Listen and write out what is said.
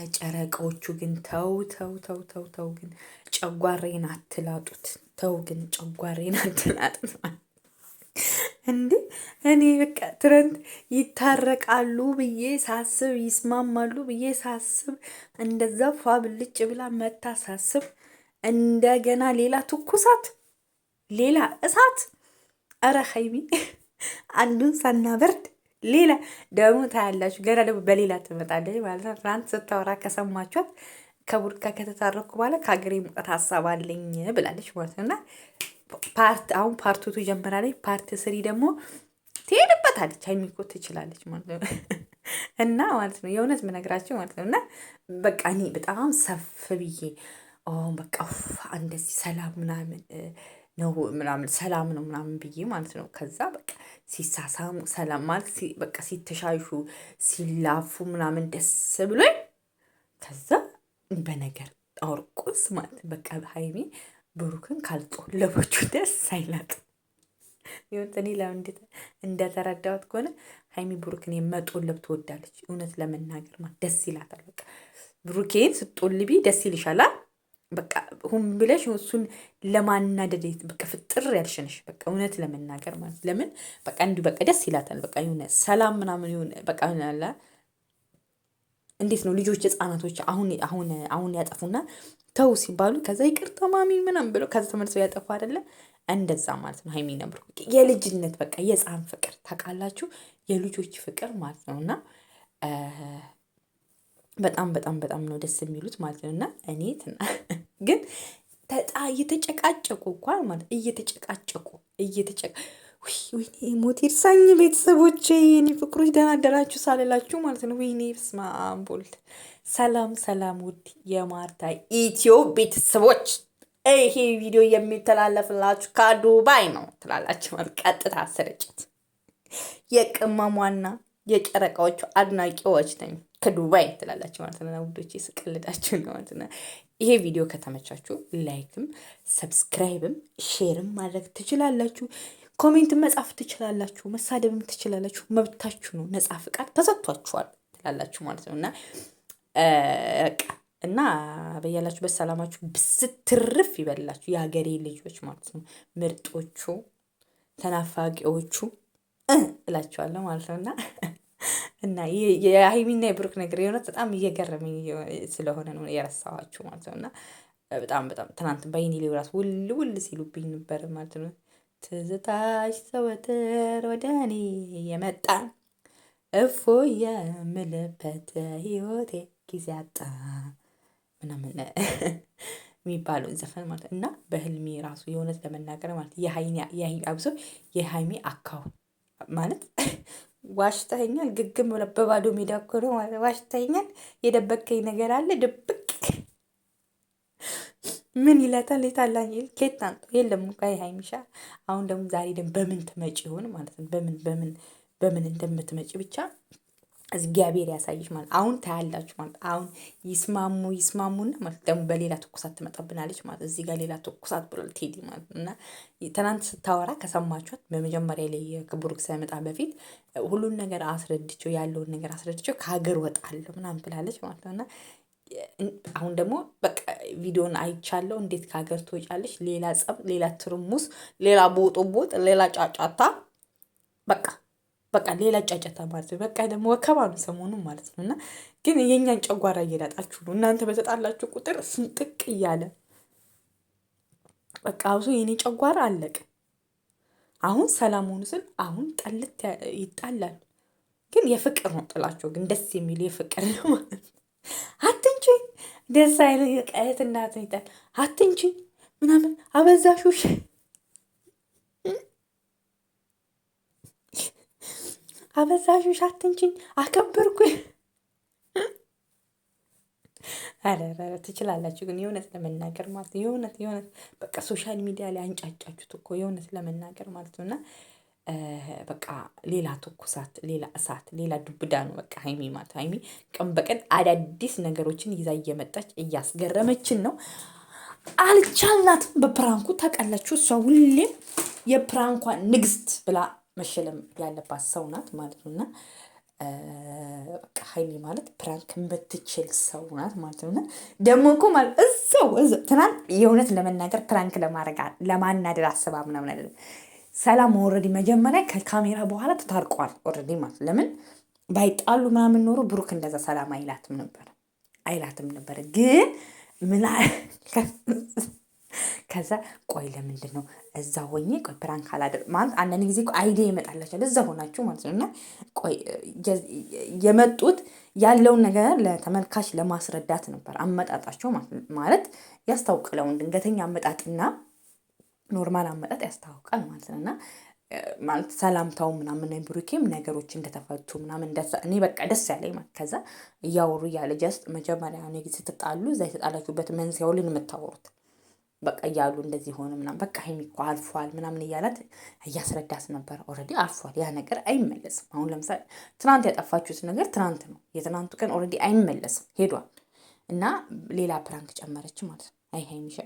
ኧረ ጨረቃዎቹ ግን ተው ተው ተው ተው ተው ግን ጨጓሬን አትላጡት። ተው ግን ጨጓሬን አትላጡት። እንዴ እኔ በቃ ትረንት ይታረቃሉ ብዬ ሳስብ ይስማማሉ ብዬ ሳስብ እንደዛ ፏ ብልጭ ብላ መታ ሳስብ እንደገና ሌላ ትኩሳት ሌላ እሳት። ኧረ ሀይሚ አንዱን ሳናበርድ ሌላ ደግሞ ታያላችሁ። ገና ደግሞ በሌላ ትመጣለች ማለት ነው። ትናንት ስታወራ ከሰማችኋት ከቡርካ ከተታረኩ በኋላ ከሀገሬ ሙቀት ሀሳብ አለኝ ብላለች ማለት ነው። እና ፓርት አሁን ፓርት ቱ ጀምራለች። ፓርት ስሪ ደግሞ ትሄድበታለች። ሀይሚኮ ትችላለች ማለት ነው። እና ማለት ነው የእውነት ምነግራቸው ማለት ነው። እና በቃ እኔ በጣም ሰፍ ብዬ በቃ እንደዚህ ሰላም ምናምን ነው ምናምን ሰላም ነው ምናምን ብዬ ማለት ነው። ከዛ በቃ ሲሳሳሙ ሰላም ማለት በቃ ሲተሻሹ ሲላፉ ምናምን ደስ ብሎኝ ከዛ በነገር አውርቁስ ማለት በቃ ሀይሚ ብሩክን ካልጦለቦቹ ደስ አይላትም። እኔ እንደተረዳሁት ከሆነ ሀይሚ ብሩክን የመጦለብ ትወዳለች። እውነት ለመናገር ማለት ደስ ይላታል። በቃ ብሩኬን ስጦልቢ ደስ ይልሻላል። በቃ ሁን ብለሽ እሱን ለማናደድ በቃ ፍጥር ያልሽነሽ በቃ እውነት ለመናገር ማለት ለምን በቃ እንዲሁ በቃ ደስ ይላታል። በቃ የሆነ ሰላም ምናምን ሆነ በቃ ሆናላ እንዴት ነው ልጆች ህጻናቶች አሁን አሁን አሁን ያጠፉና ተው ሲባሉ ከዛ ይቅርታ ማሚ ምናምን ብለው ከዛ ተመልሰው ያጠፉ አይደለ? እንደዛ ማለት ነው። ሀይሚ ነበር የልጅነት በቃ የህፃን ፍቅር ታውቃላችሁ፣ የልጆች ፍቅር ማለት ነው እና በጣም በጣም በጣም ነው ደስ የሚሉት ማለት ነው እና እኔ ትና ግን ተጣ እየተጨቃጨቁ እንኳን ማለት እየተጨቃጨቁ እየተጨቃ ወይኔ ሞት ይርሳኝ ቤተሰቦቼ፣ የኔ ፍቅሮች ደህና አደራችሁ ሳልላችሁ ማለት ነው። ወይኔ ስማ አምቦልድ ሰላም ሰላም፣ ውድ የማርታ ኢትዮ ቤተሰቦች ይሄ ቪዲዮ የሚተላለፍላችሁ ከዱባይ ነው ትላላችሁ ማለት ቀጥታ ስርጭት የቅመሟና የጨረቃዎቹ አድናቂዎች ነኝ ከዱባይ ትላላችሁ ማለት ነው። ውዶች ስቀልዳችሁ ነው ማለት ነው። ይሄ ቪዲዮ ከተመቻችሁ ላይክም ሰብስክራይብም ሼርም ማድረግ ትችላላችሁ። ኮሜንት መጻፍ ትችላላችሁ። መሳደብም ትችላላችሁ። መብታችሁ ነው። ነጻ ፍቃድ ተሰጥቷችኋል ትላላችሁ ማለት ነው እና እና በያላችሁ በሰላማችሁ ብስትርፍ ይበላችሁ የሀገሬ ልጆች ማለት ነው ምርጦቹ ተናፋቂዎቹ እላቸዋለሁ ማለት ነው እና እና የሀይሚና የብሩክ ነገር የሆነት በጣም እየገረመኝ ስለሆነ ነው የረሳኋችሁ ማለት ነው። እና በጣም በጣም ትናንት በይኔ ሌብራት ውል ውል ሲሉብኝ ነበር ማለት ነው። ትዝታሽ ዘወትር ወደ እኔ የመጣ እፎ የምልበት ህይወቴ ጊዜ አጣ ምናምን የሚባለውን ዘፈን ማለት ነው። እና በህልሜ ራሱ የእውነት ለመናገር ማለት የሀይሚ አብሶ የሀይሚ ማለት ዋሽተኸኛል። ግግም ብለህ በባዶ ሜዳ እኮ ነው ማለት ዋሽተኸኛል። የደበከኝ ነገር አለ ድብቅ ምን ይላታል? የታላኝ ኬት አንጦ የለም እንኳ ሀይሚሻ። አሁን ደግሞ ዛሬ ደግሞ በምን ትመጪ ይሆን ማለት ነው? በምን በምን በምን እንደምትመጪ ብቻ እግዚአብሔር ያሳይሽ ማለት አሁን ታያላችሁ ማለት አሁን ይስማሙ ይስማሙና ማለት ደግሞ በሌላ ትኩሳት ትመጣብናለች ማለት እዚህ ጋር ሌላ ትኩሳት ብሏል ቴዲ ማለት እና ትናንት ስታወራ ከሰማችኋት በመጀመሪያ ላይ ብሩክ ሳይመጣ በፊት ሁሉን ነገር አስረድቸው ያለውን ነገር አስረድቸው ከሀገር ወጣለሁ ምናምን ብላለች ማለት ነው እና አሁን ደግሞ በቃ ቪዲዮን አይቻለው እንዴት ከሀገር ትወጫለች ሌላ ጸብ፣ ሌላ ትርሙስ፣ ሌላ ቦጦቦጥ ሌላ ጫጫታ በቃ በቃ ሌላ ጫጫታ ማለት ነው። በቃ ደግሞ ወከባ ነው ሰሞኑን ማለት ነው። እና ግን የእኛን ጨጓራ እየላጣችሁ ነው እናንተ በተጣላችሁ ቁጥር ስንጥቅ እያለ በቃ አብሶ የኔ ጨጓራ አለቅ። አሁን ሰላም ሆኑ ስል አሁን ጠልት ይጣላል። ግን የፍቅር ነው ጥላቸው፣ ግን ደስ የሚል የፍቅር ነው ማለት ነው። አትንቺ ደስ አይለ ቀየት እናት ይጣል አትንቺ ምናምን አበዛሹሽ አበዛዡ አትንችኝ አከበርኩኝ። አረ አረ ትችላላችሁ፣ ግን የእውነት ለመናገር ማለት ነው። የእውነት የእውነት በቃ ሶሻል ሚዲያ ላይ አንጫጫችሁት እኮ የእውነት ለመናገር ማለት ነው። እና በቃ ሌላ ትኩሳት፣ ሌላ እሳት፣ ሌላ ዱብዳ ነው በቃ ሀይሚ ማለት ሀይሚ ቀን በቀን አዳዲስ ነገሮችን ይዛ እየመጣች እያስገረመችን ነው። አልቻልናትም በፕራንኩ ታውቃላችሁ። እሷ ሁሌም የፕራንኳ ንግስት ብላ መሸለም ያለባት ሰው ናት ማለት ነው እና ሀይሚ ማለት ፕራንክ የምትችል ሰው ናት ማለት ነው እና ደግሞ እኮ ማለት እዛው ትናንት የእውነት ለመናገር ፕራንክ ለማድረግ ለማናደድ አስባ ምናምን አይደለም። ሰላም ኦልሬዲ መጀመሪያ ከካሜራ በኋላ ተታርቋል ኦልሬዲ ማለት ለምን ባይጣሉ ምናምን ኖሮ ብሩክ እንደዛ ሰላም አይላትም ነበር አይላትም ነበር ግን ምን ከዛ ቆይ ለምንድን ነው እዛ ሆኜ ቆይ ፕራንክ አላደርግ ማለት አንዳንድ ጊዜ አይዲያ ይመጣላችኋል እዛ ሆናችሁ ማለት ነው። እና ቆይ የመጡት ያለውን ነገር ለተመልካች ለማስረዳት ነበር አመጣጣቸው ማለት ያስታውቅለውን ድንገተኛ አመጣጥና ኖርማል አመጣጥ ያስታውቃል ማለት ነው እና ማለት ሰላምታው ምናምን ብሩኬም ነገሮች እንደተፈቱ ምናምን እኔ በቃ ደስ ያለኝ ከዛ እያወሩ እያለ ጀስት መጀመሪያ ጊዜ ስትጣሉ እዛ የተጣላችሁበት መንስኤውን የምታወሩት በቃ እያሉ እንደዚህ ሆነ ምናምን በቃ ሀይሚ እኮ አልፏል ምናምን እያላት እያስረዳት ነበር። ኦልሬዲ አልፏል፣ ያ ነገር አይመለስም። አሁን ለምሳሌ ትናንት ያጠፋችሁት ነገር ትናንት ነው። የትናንቱ ቀን ኦልሬዲ አይመለስም፣ ሄዷል እና ሌላ ፕራንክ ጨመረች ማለት ነው። አይ ሀይሚሻ